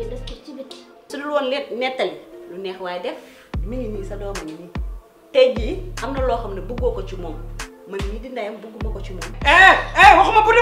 fii def ko ci biti su dul woon leen nettali lu neex waaye def mi ngi nii sa doom a ngi nii tey jii am na loo xam ne buggoo ko ci moom man mii di ndeyam bëgguma ko ci moom. eh eh waxuma bu